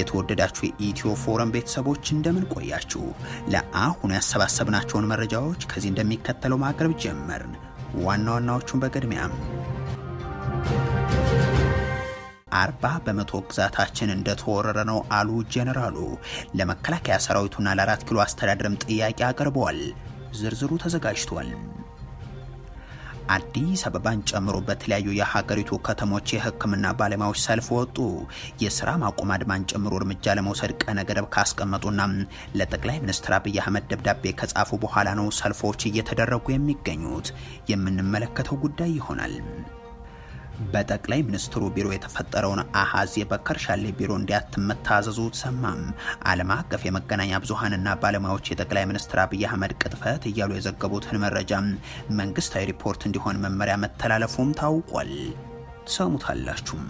የተወደዳችሁ የኢትዮ ፎረም ቤተሰቦች እንደምን ቆያችሁ? ለአሁኑ ያሰባሰብናቸውን መረጃዎች ከዚህ እንደሚከተለው ማቅረብ ጀመርን። ዋና ዋናዎቹን በቅድሚያም አርባ በመቶ ግዛታችን እንደተወረረ ነው አሉ ጄኔራሉ። ለመከላከያ ሰራዊቱና ለአራት ኪሎ አስተዳደርም ጥያቄ አቅርበዋል። ዝርዝሩ ተዘጋጅቷል። አዲስ አበባን ጨምሮ በተለያዩ የሀገሪቱ ከተሞች የሕክምና ባለሙያዎች ሰልፍ ወጡ። የስራ ማቆም አድማን ጨምሮ እርምጃ ለመውሰድ ቀነ ገደብ ካስቀመጡና ለጠቅላይ ሚኒስትር አብይ አህመድ ደብዳቤ ከጻፉ በኋላ ነው ሰልፎች እየተደረጉ የሚገኙት። የምንመለከተው ጉዳይ ይሆናል። በጠቅላይ ሚኒስትሩ ቢሮ የተፈጠረውን አሃዝ የበከር ሻሌ ቢሮ እንዲያትመት ታዘዙ ሰማም። ዓለም አቀፍ የመገናኛ ብዙሃንና ባለሙያዎች የጠቅላይ ሚኒስትር አብይ አህመድ ቅጥፈት እያሉ የዘገቡትን መረጃ መንግስታዊ ሪፖርት እንዲሆን መመሪያ መተላለፉም ታውቋል። ሰሙታላችሁም።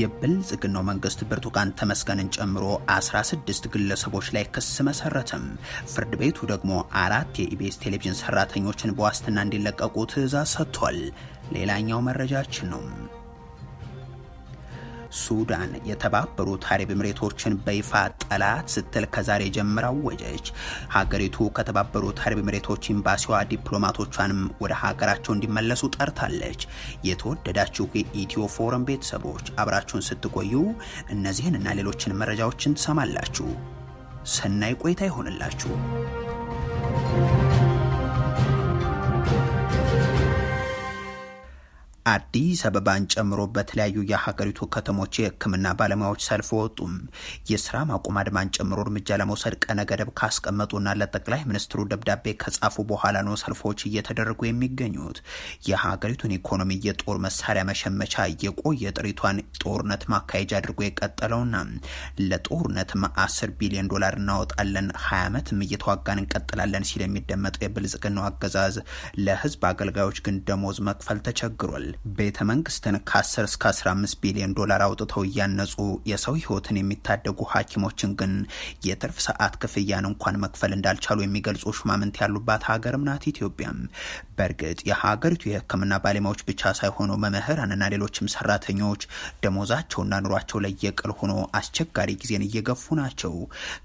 የብልጽግናው መንግስት ብርቱካን ተመስገንን ጨምሮ 16 ግለሰቦች ላይ ክስ መሰረተም። ፍርድ ቤቱ ደግሞ አራት የኢቢኤስ ቴሌቪዥን ሰራተኞችን በዋስትና እንዲለቀቁ ትዕዛዝ ሰጥቷል። ሌላኛው መረጃችን ነው። ሱዳን የተባበሩት አረብ ኤምሬቶችን በይፋ ጠላት ስትል ከዛሬ ጀምራ አወጀች። ሀገሪቱ ከተባበሩት አረብ ኤምሬቶች ኤምባሲዋ ዲፕሎማቶቿንም ወደ ሀገራቸው እንዲመለሱ ጠርታለች። የተወደዳችሁ የኢትዮ ፎረም ቤተሰቦች አብራችሁን ስትቆዩ እነዚህን እና ሌሎችን መረጃዎችን ትሰማላችሁ። ሰናይ ቆይታ ይሆንላችሁ። አዲስ አበባን ጨምሮ በተለያዩ የሀገሪቱ ከተሞች የሕክምና ባለሙያዎች ሰልፍ ወጡም። የስራ ማቆም አድማን ጨምሮ እርምጃ ለመውሰድ ቀነ ገደብ ካስቀመጡና ለጠቅላይ ሚኒስትሩ ደብዳቤ ከጻፉ በኋላ ነው ሰልፎች እየተደረጉ የሚገኙት። የሀገሪቱን ኢኮኖሚ የጦር መሳሪያ መሸመቻ የቆየ ጥሪቷን ጦርነት ማካሄጃ አድርጎ የቀጠለውና ለጦርነትም አስር ቢሊዮን ዶላር እናወጣለን ሀያ ዓመትም እየተዋጋን እንቀጥላለን ሲል የሚደመጠው የብልጽግናው አገዛዝ ለህዝብ አገልጋዮች ግን ደሞዝ መክፈል ተቸግሯል። ቤተ መንግስትን ከ10 እስከ 15 ቢሊዮን ዶላር አውጥተው እያነጹ የሰው ህይወትን የሚታደጉ ሐኪሞችን ግን የትርፍ ሰዓት ክፍያን እንኳን መክፈል እንዳልቻሉ የሚገልጹ ሹማምንት ያሉባት ሀገርም ናት ኢትዮጵያም። በእርግጥ የሀገሪቱ የህክምና ባለሙያዎች ብቻ ሳይሆኑ መምህራንና ሌሎችም ሰራተኞች ደሞዛቸውና ኑሯቸው ላይ የቅል ሆኖ አስቸጋሪ ጊዜን እየገፉ ናቸው።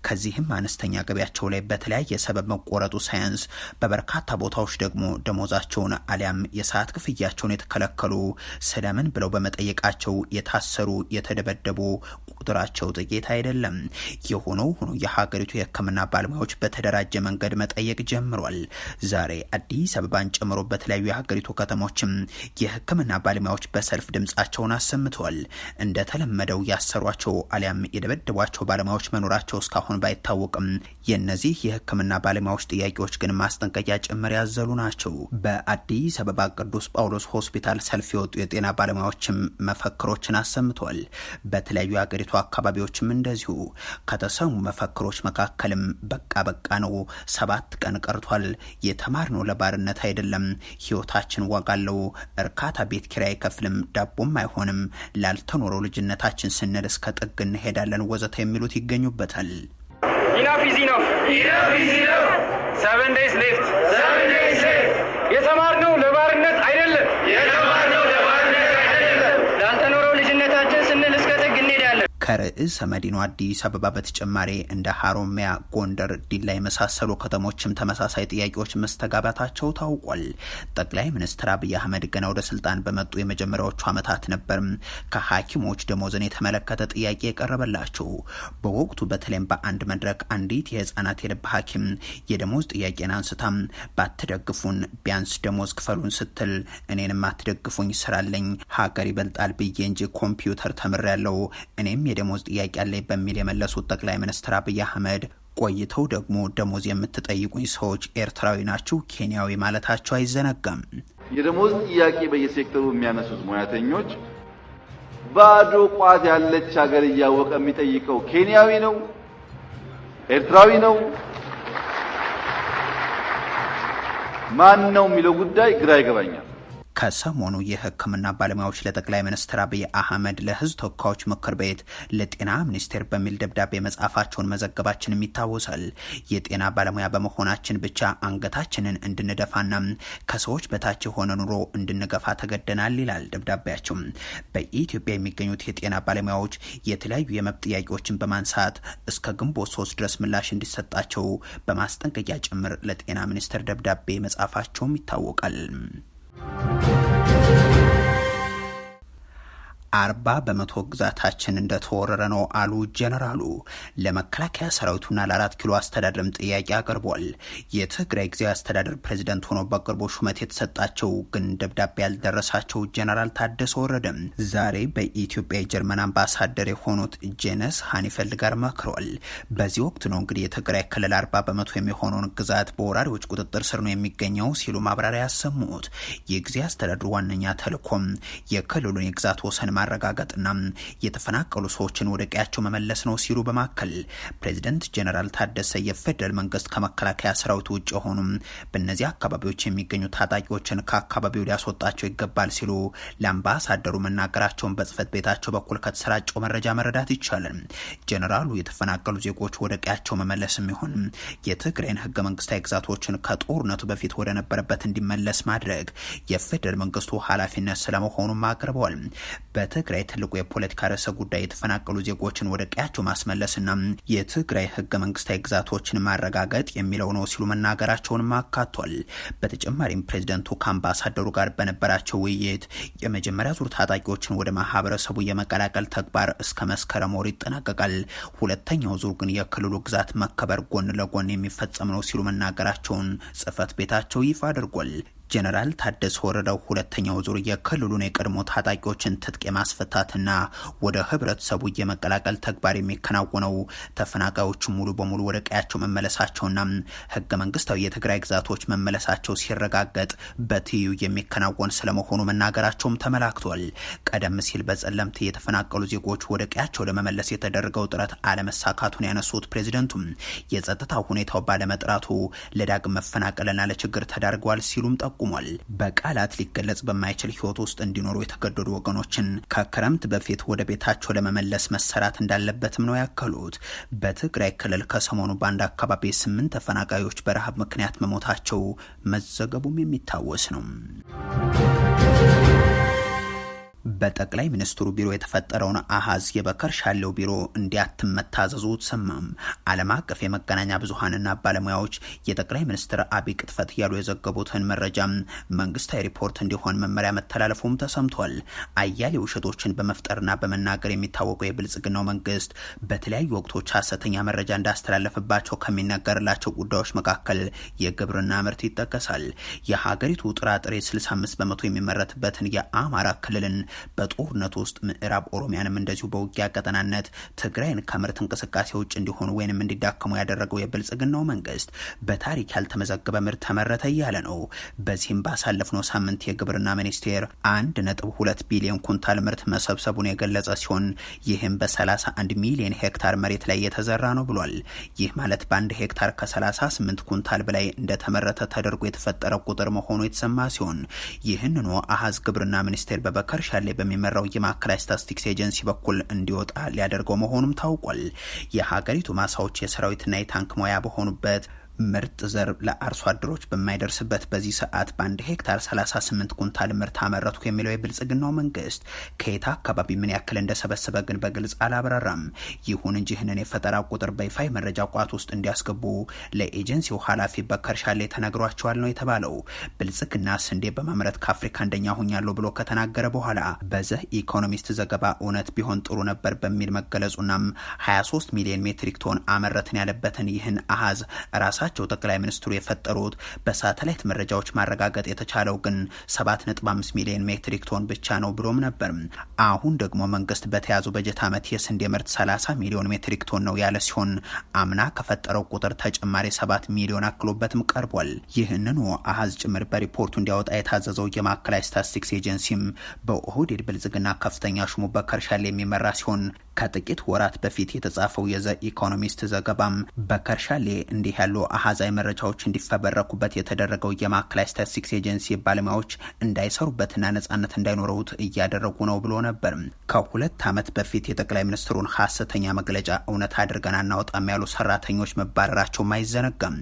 ከዚህም አነስተኛ ገቢያቸው ላይ በተለያየ ሰበብ መቆረጡ ሳያንስ በበርካታ ቦታዎች ደግሞ ደሞዛቸውን አሊያም የሰዓት ክፍያቸውን የተከለከሉ የተበከሉ ሰላምን ብለው በመጠየቃቸው የታሰሩ፣ የተደበደቡ ቁጥራቸው ጥቂት አይደለም። የሆነው ሆኖ የሀገሪቱ የሕክምና ባለሙያዎች በተደራጀ መንገድ መጠየቅ ጀምሯል። ዛሬ አዲስ አበባን ጨምሮ በተለያዩ የሀገሪቱ ከተሞችም የሕክምና ባለሙያዎች በሰልፍ ድምጻቸውን አሰምተዋል። እንደተለመደው ያሰሯቸው አሊያም የደበደቧቸው ባለሙያዎች መኖራቸው እስካሁን ባይታወቅም የእነዚህ የሕክምና ባለሙያዎች ጥያቄዎች ግን ማስጠንቀቂያ ጭምር ያዘሉ ናቸው። በአዲስ አበባ ቅዱስ ጳውሎስ ሆስፒታል ሰልፍ የወጡ የጤና ባለሙያዎችም መፈክሮችን አሰምተዋል። በተለያዩ የሀገሪቱ በተለያዩ አካባቢዎችም እንደዚሁ ከተሰሙ መፈክሮች መካከልም በቃ በቃ ነው፣ ሰባት ቀን ቀርቷል፣ የተማርነው ለባርነት አይደለም፣ ህይወታችን ዋጋ አለው፣ እርካታ ቤት ኪራይ ከፍልም፣ ዳቦም አይሆንም፣ ላልተኖረው ልጅነታችን ስንል እስከ ጥግ እንሄዳለን፣ ወዘተ የሚሉት ይገኙበታል። ኢናፍ ኢዝ ኢናፍ! ሰቨን ዴይዝ ሌፍት ከርዕሰ መዲኗ አዲስ አበባ በተጨማሪ እንደ ሀሮሚያ፣ ጎንደር፣ ዲላ የመሳሰሉ ከተሞችም ተመሳሳይ ጥያቄዎች መስተጋባታቸው ታውቋል። ጠቅላይ ሚኒስትር አብይ አህመድ ገና ወደ ስልጣን በመጡ የመጀመሪያዎቹ ዓመታት ነበርም ከሐኪሞች ደሞዝን የተመለከተ ጥያቄ የቀረበላቸው። በወቅቱ በተለይም በአንድ መድረክ አንዲት የህፃናት የልብ ሐኪም የደሞዝ ጥያቄን አንስታ ባትደግፉን ቢያንስ ደሞዝ ክፈሉን ስትል እኔንም አትደግፉኝ ስራለኝ ሀገር ይበልጣል ብዬ እንጂ ኮምፒውተር ተምሬያለሁ እኔም የደሞዝ ጥያቄ አለኝ በሚል የመለሱት ጠቅላይ ሚኒስትር አብይ አህመድ ቆይተው ደግሞ ደሞዝ የምትጠይቁኝ ሰዎች ኤርትራዊ ናችሁ፣ ኬንያዊ ማለታቸው አይዘነጋም። የደሞዝ ጥያቄ በየሴክተሩ የሚያነሱት ሙያተኞች ባዶ ቋት ያለች ሀገር እያወቀ የሚጠይቀው ኬንያዊ ነው፣ ኤርትራዊ ነው፣ ማን ነው የሚለው ጉዳይ ግራ ይገባኛል። ከሰሞኑ የሕክምና ባለሙያዎች ለጠቅላይ ሚኒስትር አብይ አህመድ ለህዝብ ተወካዮች ምክር ቤት ለጤና ሚኒስቴር በሚል ደብዳቤ መጻፋቸውን መዘገባችንም ይታወሳል። የጤና ባለሙያ በመሆናችን ብቻ አንገታችንን እንድንደፋና ከሰዎች በታች የሆነ ኑሮ እንድንገፋ ተገደናል ይላል ደብዳቤያቸው። በኢትዮጵያ የሚገኙት የጤና ባለሙያዎች የተለያዩ የመብት ጥያቄዎችን በማንሳት እስከ ግንቦት ሶስት ድረስ ምላሽ እንዲሰጣቸው በማስጠንቀቂያ ጭምር ለጤና ሚኒስቴር ደብዳቤ መጻፋቸውም ይታወቃል። አርባ በመቶ ግዛታችን እንደተወረረ ነው አሉ ጀነራሉ። ለመከላከያ ሰራዊቱና ለአራት ኪሎ አስተዳደርም ጥያቄ አቅርቧል። የትግራይ ጊዜያዊ አስተዳደር ፕሬዚደንት ሆኖ በቅርቡ ሹመት የተሰጣቸው ግን ደብዳቤ ያልደረሳቸው ጀነራል ታደሰ ወረደም ዛሬ በኢትዮጵያ የጀርመን አምባሳደር የሆኑት ጄነስ ሀኒፈልድ ጋር መክረል። በዚህ ወቅት ነው እንግዲህ የትግራይ ክልል አርባ በመቶ የሚሆነውን ግዛት በወራሪዎች ቁጥጥር ስር ነው የሚገኘው ሲሉ ማብራሪያ ያሰሙት የጊዜያዊ አስተዳደሩ ዋነኛ ተልኮም የክልሉን የግዛት ወሰን ማረጋገጥና የተፈናቀሉ ሰዎችን ወደ ቀያቸው መመለስ ነው ሲሉ በማከል ፕሬዚደንት ጀነራል ታደሰ የፌዴራል መንግስት ከመከላከያ ሰራዊት ውጭ የሆኑም በእነዚህ አካባቢዎች የሚገኙ ታጣቂዎችን ከአካባቢው ሊያስወጣቸው ይገባል ሲሉ ለአምባሳደሩ መናገራቸውን በጽህፈት ቤታቸው በኩል ከተሰራጨው መረጃ መረዳት ይቻላል። ጀነራሉ የተፈናቀሉ ዜጎች ወደ ቀያቸው መመለስ የሚሆን የትግራይን ህገ መንግስታዊ ግዛቶችን ከጦርነቱ በፊት ወደነበረበት እንዲመለስ ማድረግ የፌዴራል መንግስቱ ኃላፊነት ስለመሆኑም አቅርበዋል። ከትግራይ ትልቁ የፖለቲካ ርዕሰ ጉዳይ የተፈናቀሉ ዜጎችን ወደ ቀያቸው ማስመለስና የትግራይ ህገ መንግስታዊ ግዛቶችን ማረጋገጥ የሚለው ነው ሲሉ መናገራቸውንም አካቷል። በተጨማሪም ፕሬዚደንቱ ከአምባሳደሩ ጋር በነበራቸው ውይይት የመጀመሪያ ዙር ታጣቂዎችን ወደ ማህበረሰቡ የመቀላቀል ተግባር እስከ መስከረም ወር ይጠናቀቃል። ሁለተኛው ዙር ግን የክልሉ ግዛት መከበር ጎን ለጎን የሚፈጸም ነው ሲሉ መናገራቸውን ጽህፈት ቤታቸው ይፋ አድርጓል። ጀነራል ታደሰ ወረደው ሁለተኛው ዙር የክልሉን የቀድሞ ታጣቂዎችን ትጥቅ የማስፈታትና ወደ ህብረተሰቡ የመቀላቀል ተግባር የሚከናወነው ተፈናቃዮቹ ሙሉ በሙሉ ወደ ቀያቸው መመለሳቸውና ህገ መንግስታዊ የትግራይ ግዛቶች መመለሳቸው ሲረጋገጥ በትይዩ የሚከናወን ስለመሆኑ መናገራቸውም ተመላክቷል። ቀደም ሲል በጸለምት የተፈናቀሉ ዜጎች ወደ ቀያቸው ለመመለስ የተደረገው ጥረት አለመሳካቱን ያነሱት ፕሬዚደንቱም የጸጥታ ሁኔታው ባለመጥራቱ ለዳግም መፈናቀልና ለችግር ተዳርገዋል ሲሉም ጠቁ ጠቁሟል። በቃላት ሊገለጽ በማይችል ህይወት ውስጥ እንዲኖሩ የተገደዱ ወገኖችን ከክረምት በፊት ወደ ቤታቸው ለመመለስ መሰራት እንዳለበትም ነው ያከሉት። በትግራይ ክልል ከሰሞኑ በአንድ አካባቢ ስምንት ተፈናቃዮች በረሃብ ምክንያት መሞታቸው መዘገቡም የሚታወስ ነው። በጠቅላይ ሚኒስትሩ ቢሮ የተፈጠረውን አሃዝ የበከር ሻለው ቢሮ እንዲያትመታዘዙ ሰማም። ዓለም አቀፍ የመገናኛ ብዙሀንና ባለሙያዎች የጠቅላይ ሚኒስትር አብይ ቅጥፈት እያሉ የዘገቡትን መረጃ መንግስታዊ ሪፖርት እንዲሆን መመሪያ መተላለፉም ተሰምቷል። አያሌ ውሸቶችን በመፍጠርና በመናገር የሚታወቀው የብልጽግናው መንግስት በተለያዩ ወቅቶች ሀሰተኛ መረጃ እንዳስተላለፍባቸው ከሚነገርላቸው ጉዳዮች መካከል የግብርና ምርት ይጠቀሳል። የሀገሪቱ ጥራጥሬ 65 በመቶ የሚመረትበትን የአማራ ክልልን በጦርነት ውስጥ ምዕራብ ኦሮሚያንም እንደዚሁ በውጊያ ቀጠናነት ትግራይን ከምርት እንቅስቃሴ ውጭ እንዲሆኑ ወይንም እንዲዳከሙ ያደረገው የብልጽግናው መንግስት በታሪክ ያልተመዘገበ ምርት ተመረተ እያለ ነው። በዚህም ባሳለፍነው ሳምንት የግብርና ሚኒስቴር አንድ ነጥብ ሁለት ቢሊዮን ኩንታል ምርት መሰብሰቡን የገለጸ ሲሆን ይህም በ31 ሚሊዮን ሄክታር መሬት ላይ የተዘራ ነው ብሏል። ይህ ማለት በአንድ ሄክታር ከ38 ኩንታል በላይ እንደተመረተ ተደርጎ የተፈጠረ ቁጥር መሆኑ የተሰማ ሲሆን ይህንኑ አሃዝ ግብርና ሚኒስቴር በበከርሻ ላይ በሚመራው የማዕከላዊ ስታስቲክስ ኤጀንሲ በኩል እንዲወጣ ሊያደርገው መሆኑም ታውቋል። የሀገሪቱ ማሳዎች የሰራዊትና የታንክ ሙያ በሆኑበት ምርጥ ዘር ለአርሶ አደሮች በማይደርስበት በዚህ ሰዓት በአንድ ሄክታር 38 ኩንታል ምርት አመረትኩ የሚለው የብልጽግናው መንግስት ከየት አካባቢ ምን ያክል እንደሰበሰበ ግን በግልጽ አላብራራም። ይሁን እንጂ ይህንን የፈጠራ ቁጥር በይፋ መረጃ ቋት ውስጥ እንዲያስገቡ ለኤጀንሲው ኃላፊ በከርሻ ላይ ተነግሯቸዋል ነው የተባለው። ብልጽግና ስንዴ በማምረት ከአፍሪካ አንደኛ ሆኛለሁ ብሎ ከተናገረ በኋላ በዚህ ኢኮኖሚስት ዘገባ እውነት ቢሆን ጥሩ ነበር በሚል መገለጹናም 23 ሚሊዮን ሜትሪክ ቶን አመረትን ያለበትን ይህን አሃዝ ራሳ ራሳቸው ጠቅላይ ሚኒስትሩ የፈጠሩት በሳተላይት መረጃዎች ማረጋገጥ የተቻለው ግን 7.5 ሚሊዮን ሜትሪክ ቶን ብቻ ነው ብሎም ነበር። አሁን ደግሞ መንግስት በተያዙ በጀት ዓመት የስንዴ ምርት 30 ሚሊዮን ሜትሪክ ቶን ነው ያለ ሲሆን አምና ከፈጠረው ቁጥር ተጨማሪ 7 ሚሊዮን አክሎበትም ቀርቧል። ይህንኑ አሃዝ ጭምር በሪፖርቱ እንዲያወጣ የታዘዘው የማዕከላዊ ስታቲስቲክስ ኤጀንሲም በኦህዴድ ብልጽግና ከፍተኛ ሹሙ በከርሻል የሚመራ ሲሆን ከጥቂት ወራት በፊት የተጻፈው የዘ ኢኮኖሚስት ዘገባም በከርሻሌ እንዲህ ያሉ አሃዛዊ መረጃዎች እንዲፈበረኩበት የተደረገው የማዕከላዊ ስታቲስቲክስ ኤጀንሲ ባለሙያዎች እንዳይሰሩበትና ነጻነት እንዳይኖረውት እያደረጉ ነው ብሎ ነበር። ከሁለት ዓመት በፊት የጠቅላይ ሚኒስትሩን ሀሰተኛ መግለጫ እውነት አድርገን አናወጣም ያሉ ሰራተኞች መባረራቸውም አይዘነጋም።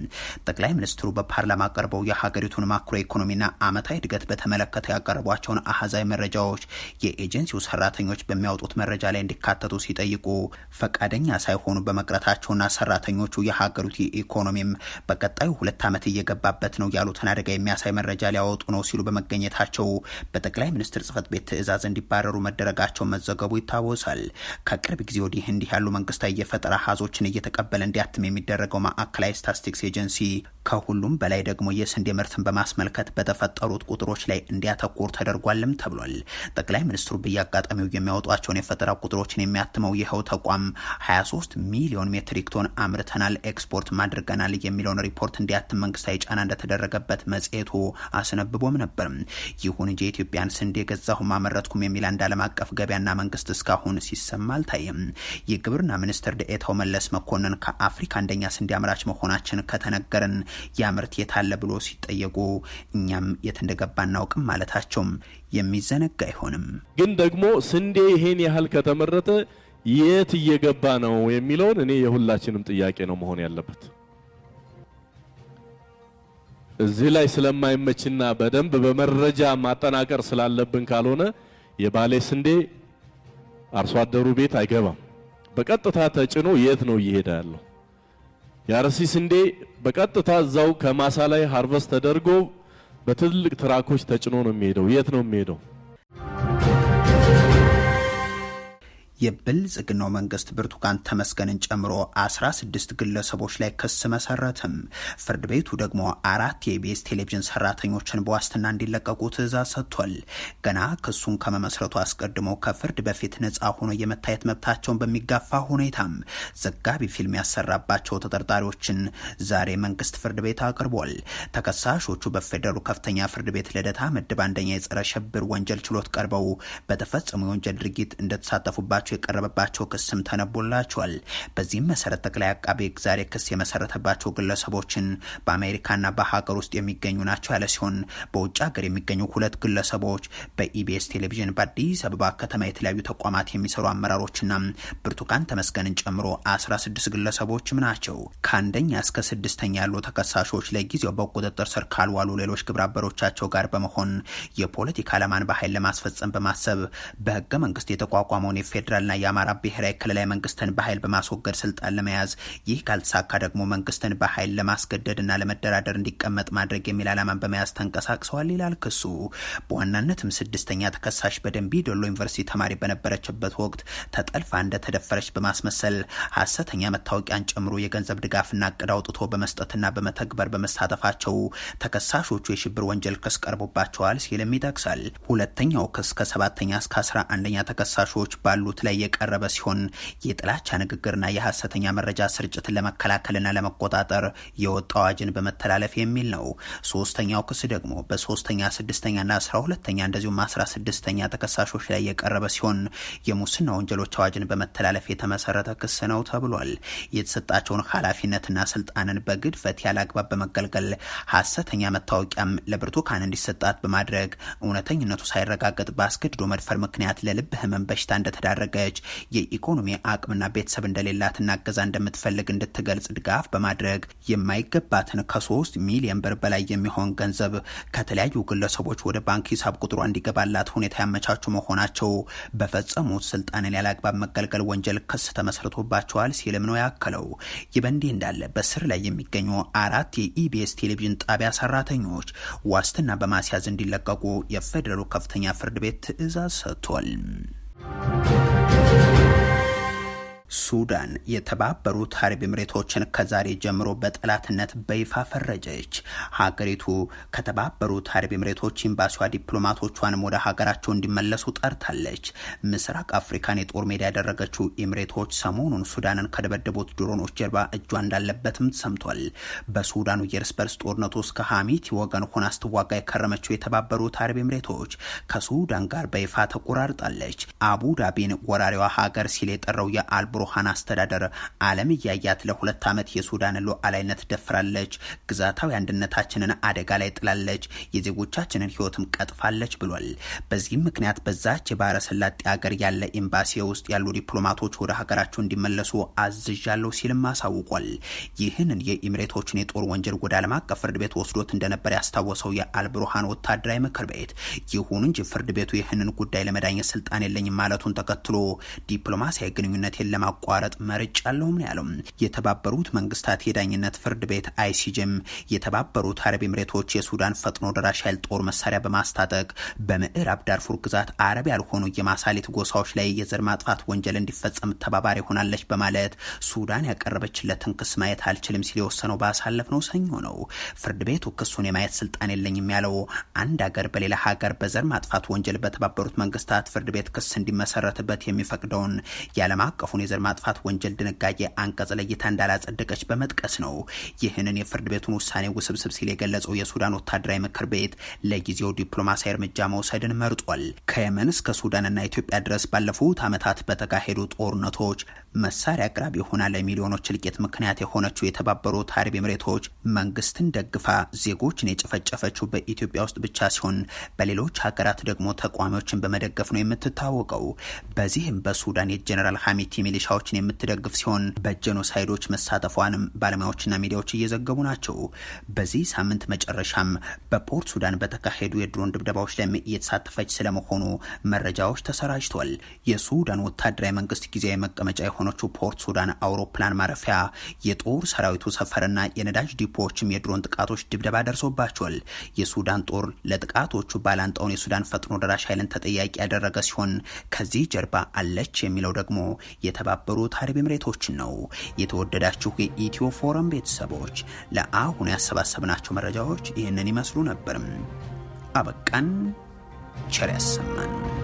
ጠቅላይ ሚኒስትሩ በፓርላማ ቀርበው የሀገሪቱን ማክሮ ኢኮኖሚና ዓመታዊ እድገት በተመለከተ ያቀረቧቸውን አሃዛዊ መረጃዎች የኤጀንሲው ሰራተኞች በሚያወጡት መረጃ ላይ እንዲካተቱ ሲጠይቁ ፈቃደኛ ሳይሆኑ በመቅረታቸውና ሰራተኞቹ የሀገሪቱ ኢኮኖሚም በቀጣዩ ሁለት ዓመት እየገባበት ነው ያሉትን አደጋ የሚያሳይ መረጃ ሊያወጡ ነው ሲሉ በመገኘታቸው በጠቅላይ ሚኒስትር ጽህፈት ቤት ትዕዛዝ እንዲባረሩ መደረጋቸው መዘገቡ ይታወሳል። ከቅርብ ጊዜ ወዲህ እንዲህ ያሉ መንግስታዊ የፈጠራ ሀዞችን እየተቀበለ እንዲያትም የሚደረገው ማዕከላዊ ስታስቲክስ ኤጀንሲ ከሁሉም በላይ ደግሞ የስንዴ ምርትን በማስመልከት በተፈጠሩት ቁጥሮች ላይ እንዲያተኩር ተደርጓልም ተብሏል። ጠቅላይ ሚኒስትሩ በየአጋጣሚው የሚያወጧቸውን የፈጠራ ቁጥሮችን የሚያ የሚያሳትመው ይኸው ተቋም 23 ሚሊዮን ሜትሪክ ቶን አምርተናል፣ ኤክስፖርት ማድርገናል የሚለውን ሪፖርት እንዲያትም መንግስታዊ ጫና እንደተደረገበት መጽሔቱ አስነብቦም ነበር። ይሁን እንጂ የኢትዮጵያን ስንዴ ገዛሁም አመረትኩም የሚል አንድ ዓለም አቀፍ ገበያና መንግስት እስካሁን ሲሰማ አልታየም። የግብርና ሚኒስትር ደኤታው መለስ መኮንን ከአፍሪካ አንደኛ ስንዴ አምራች መሆናችን ከተነገረን ያምርት የታለ ብሎ ሲጠየቁ እኛም የት እንደገባ እናውቅም ማለታቸውም የሚዘነጋ አይሆንም። ግን ደግሞ ስንዴ ይሄን ያህል ከተመረተ የት እየገባ ነው የሚለውን እኔ የሁላችንም ጥያቄ ነው መሆን ያለበት። እዚህ ላይ ስለማይመችና በደንብ በመረጃ ማጠናቀር ስላለብን ካልሆነ የባሌ ስንዴ አርሶ አደሩ ቤት አይገባም። በቀጥታ ተጭኖ የት ነው እየሄደ ያለው? የአርሲ ስንዴ በቀጥታ እዛው ከማሳ ላይ ሀርቨስት ተደርጎ በትልቅ ትራኮች ተጭኖ ነው የሚሄደው። የት ነው የሚሄደው? የብልጽግናው መንግስት ብርቱካን ተመስገንን ጨምሮ አስራ ስድስት ግለሰቦች ላይ ክስ መሰረትም። ፍርድ ቤቱ ደግሞ አራት የኢቢኤስ ቴሌቪዥን ሰራተኞችን በዋስትና እንዲለቀቁ ትእዛዝ ሰጥቷል። ገና ክሱን ከመመስረቱ አስቀድሞ ከፍርድ በፊት ነፃ ሆኖ የመታየት መብታቸውን በሚጋፋ ሁኔታም ዘጋቢ ፊልም ያሰራባቸው ተጠርጣሪዎችን ዛሬ መንግስት ፍርድ ቤት አቅርቧል። ተከሳሾቹ በፌደራሉ ከፍተኛ ፍርድ ቤት ልደታ ምድብ አንደኛ የጸረ ሽብር ወንጀል ችሎት ቀርበው በተፈጸሙ የወንጀል ድርጊት እንደተሳተፉባቸው በበኩላቸው የቀረበባቸው ክስም ተነቦላቸዋል። በዚህም መሰረት ጠቅላይ አቃቤ ሕግ ዛሬ ክስ የመሰረተባቸው ግለሰቦችን በአሜሪካና በሀገር ውስጥ የሚገኙ ናቸው ያለ ሲሆን በውጭ ሀገር የሚገኙ ሁለት ግለሰቦች በኢቢኤስ ቴሌቪዥን በአዲስ አበባ ከተማ የተለያዩ ተቋማት የሚሰሩ አመራሮችና ብርቱካን ተመስገንን ጨምሮ 16 ግለሰቦችም ናቸው። ከአንደኛ እስከ ስድስተኛ ያሉ ተከሳሾች ለጊዜው በቁጥጥር ስር ካልዋሉ ሌሎች ግብረአበሮቻቸው ጋር በመሆን የፖለቲካ ዓላማን በኃይል ለማስፈጸም በማሰብ በህገ መንግስት የተቋቋመውን የፌዴራል ና የአማራ ብሔራዊ ክልላዊ መንግስትን በኃይል በማስወገድ ስልጣን ለመያዝ ይህ ካልተሳካ ደግሞ መንግስትን በኃይል ለማስገደድና ለመደራደር እንዲቀመጥ ማድረግ የሚል አላማን በመያዝ ተንቀሳቅሰዋል ይላል ክሱ። በዋናነትም ስድስተኛ ተከሳሽ በደንቢ ዶሎ ዩኒቨርሲቲ ተማሪ በነበረችበት ወቅት ተጠልፋ እንደተደፈረች በማስመሰል ሀሰተኛ መታወቂያን ጨምሮ የገንዘብ ድጋፍና እቅድ አውጥቶ በመስጠትና በመተግበር በመሳተፋቸው ተከሳሾቹ የሽብር ወንጀል ክስ ቀርቦባቸዋል ሲልም ይጠቅሳል። ሁለተኛው ክስ ከሰባተኛ እስከ አስራ አንደኛ ተከሳሾች ባሉት ላይ የቀረበ ሲሆን የጥላቻ ንግግርና የሐሰተኛ መረጃ ስርጭትን ለመከላከልና ለመቆጣጠር የወጣ አዋጅን በመተላለፍ የሚል ነው። ሶስተኛው ክስ ደግሞ በሶስተኛ ስድስተኛና አስራ ሁለተኛ እንደዚሁም አስራ ስድስተኛ ተከሳሾች ላይ የቀረበ ሲሆን የሙስና ወንጀሎች አዋጅን በመተላለፍ የተመሰረተ ክስ ነው ተብሏል። የተሰጣቸውን ኃላፊነትና ስልጣንን በግድፈት ያለአግባብ በመገልገል ሐሰተኛ መታወቂያም ለብርቱካን እንዲሰጣት በማድረግ እውነተኝነቱ ሳይረጋገጥ በአስገድዶ መድፈር ምክንያት ለልብ ህመም በሽታ እንደተዳረገ እንደፈለገች የኢኮኖሚ አቅምና ቤተሰብ እንደሌላትና እገዛ እንደምትፈልግ እንድትገልጽ ድጋፍ በማድረግ የማይገባትን ከሶስት ሚሊዮን ብር በላይ የሚሆን ገንዘብ ከተለያዩ ግለሰቦች ወደ ባንክ ሂሳብ ቁጥሯ እንዲገባላት ሁኔታ ያመቻቹ መሆናቸው በፈጸሙት ስልጣንን ያለአግባብ መገልገል ወንጀል ክስ ተመስርቶባቸዋል ሲልም ነው ያከለው። ይህ በእንዲህ እንዳለ በስር ላይ የሚገኙ አራት የኢቢኤስ ቴሌቪዥን ጣቢያ ሰራተኞች ዋስትና በማስያዝ እንዲለቀቁ የፌዴራሉ ከፍተኛ ፍርድ ቤት ትዕዛዝ ሰጥቷል። Bye. ሱዳን የተባበሩት አረብ ኤምሬቶችን ከዛሬ ጀምሮ በጠላትነት በይፋ ፈረጀች። ሀገሪቱ ከተባበሩት አረብ ኤምሬቶች ኤምባሲዋ ዲፕሎማቶቿንም ወደ ሀገራቸው እንዲመለሱ ጠርታለች። ምስራቅ አፍሪካን የጦር ሜዳ ያደረገችው ኤምሬቶች ሰሞኑን ሱዳንን ከደበደቡት ድሮኖች ጀርባ እጇ እንዳለበትም ሰምቷል። በሱዳኑ የእርስ በርስ ጦርነት ውስጥ ከሀሚቲ ወገን ሆና አስተዋጋ የከረመችው የተባበሩት አረብ ኤምሬቶች ከሱዳን ጋር በይፋ ተቆራርጣለች። አቡዳቢን ወራሪዋ ሀገር ሲል የጠራው የአልቡ ብሩሃን አስተዳደር ዓለም እያያት ለሁለት ዓመት የሱዳንን ሉዓላዊነት ደፍራለች፣ ግዛታዊ አንድነታችንን አደጋ ላይ ጥላለች፣ የዜጎቻችንን ህይወትም ቀጥፋለች ብሏል። በዚህም ምክንያት በዛች የባህረ ሰላጤ ሀገር ያለ ኤምባሲ ውስጥ ያሉ ዲፕሎማቶች ወደ ሀገራቸው እንዲመለሱ አዝዣለሁ ሲልም አሳውቋል። ይህንን የኢሚሬቶችን የጦር ወንጀል ወደ ዓለም አቀፍ ፍርድ ቤት ወስዶት እንደነበር ያስታወሰው የአልብሩሃን ወታደራዊ ምክር ቤት ይሁን እንጂ ፍርድ ቤቱ ይህንን ጉዳይ ለመዳኘት ስልጣን የለኝም ማለቱን ተከትሎ ዲፕሎማሲያዊ ግንኙነት የለማ ማቋረጥ መርጫለሁም ነው ያለው። የተባበሩት መንግስታት የዳኝነት ፍርድ ቤት አይሲጅም የተባበሩት አረብ ኤምሬቶች የሱዳን ፈጥኖ ደራሽ ኃይል ጦር መሳሪያ በማስታጠቅ በምዕራብ ዳርፉር ግዛት አረብ ያልሆኑ የማሳሌት ጎሳዎች ላይ የዘር ማጥፋት ወንጀል እንዲፈጸም ተባባሪ ሆናለች በማለት ሱዳን ያቀረበችለትን ክስ ማየት አልችልም ሲል የወሰነው ባሳለፍነው ሰኞ ነው። ፍርድ ቤቱ ክሱን የማየት ስልጣን የለኝም ያለው አንድ ሀገር በሌላ ሀገር በዘር ማጥፋት ወንጀል በተባበሩት መንግስታት ፍርድ ቤት ክስ እንዲመሰረትበት የሚፈቅደውን የዓለም አቀፉን የዘር ዘር ማጥፋት ወንጀል ድንጋጌ አንቀጽ ለይታ እንዳላጸደቀች በመጥቀስ ነው። ይህንን የፍርድ ቤቱን ውሳኔ ውስብስብ ሲል የገለጸው የሱዳን ወታደራዊ ምክር ቤት ለጊዜው ዲፕሎማሲያዊ እርምጃ መውሰድን መርጧል። ከየመን እስከ ሱዳንና ኢትዮጵያ ድረስ ባለፉት ዓመታት በተካሄዱ ጦርነቶች መሳሪያ አቅራቢ ሆና ለሚሊዮኖች እልቂት ምክንያት የሆነችው የተባበሩት አረብ ኤምሬቶች መንግስትን ደግፋ ዜጎችን የጨፈጨፈችው በኢትዮጵያ ውስጥ ብቻ ሲሆን በሌሎች ሀገራት ደግሞ ተቋሚዎችን በመደገፍ ነው የምትታወቀው። በዚህም በሱዳን የጀኔራል ሀሚቲ ሚሊሻ ዘመቻዎችን የምትደግፍ ሲሆን በጀኖሳይዶች መሳተፏንም ባለሙያዎችና ሚዲያዎች እየዘገቡ ናቸው። በዚህ ሳምንት መጨረሻም በፖርት ሱዳን በተካሄዱ የድሮን ድብደባዎች ላይም እየተሳተፈች ስለመሆኑ መረጃዎች ተሰራጅቷል። የሱዳን ወታደራዊ መንግስት ጊዜያዊ መቀመጫ የሆነችው ፖርት ሱዳን አውሮፕላን ማረፊያ፣ የጦር ሰራዊቱ ሰፈርና የነዳጅ ዲፖዎችም የድሮን ጥቃቶች ድብደባ ደርሶባቸዋል። የሱዳን ጦር ለጥቃቶቹ ባላንጣውን የሱዳን ፈጥኖ ደራሽ ኃይልን ተጠያቂ ያደረገ ሲሆን ከዚህ ጀርባ አለች የሚለው ደግሞ የተባ የተባበሩት አረብ ኤምሬቶችን ነው። የተወደዳችሁ የኢትዮ ፎረም ቤተሰቦች ለአሁን ያሰባሰብናቸው መረጃዎች ይህንን ይመስሉ ነበርም። አበቃን። ቸር ያሰማን።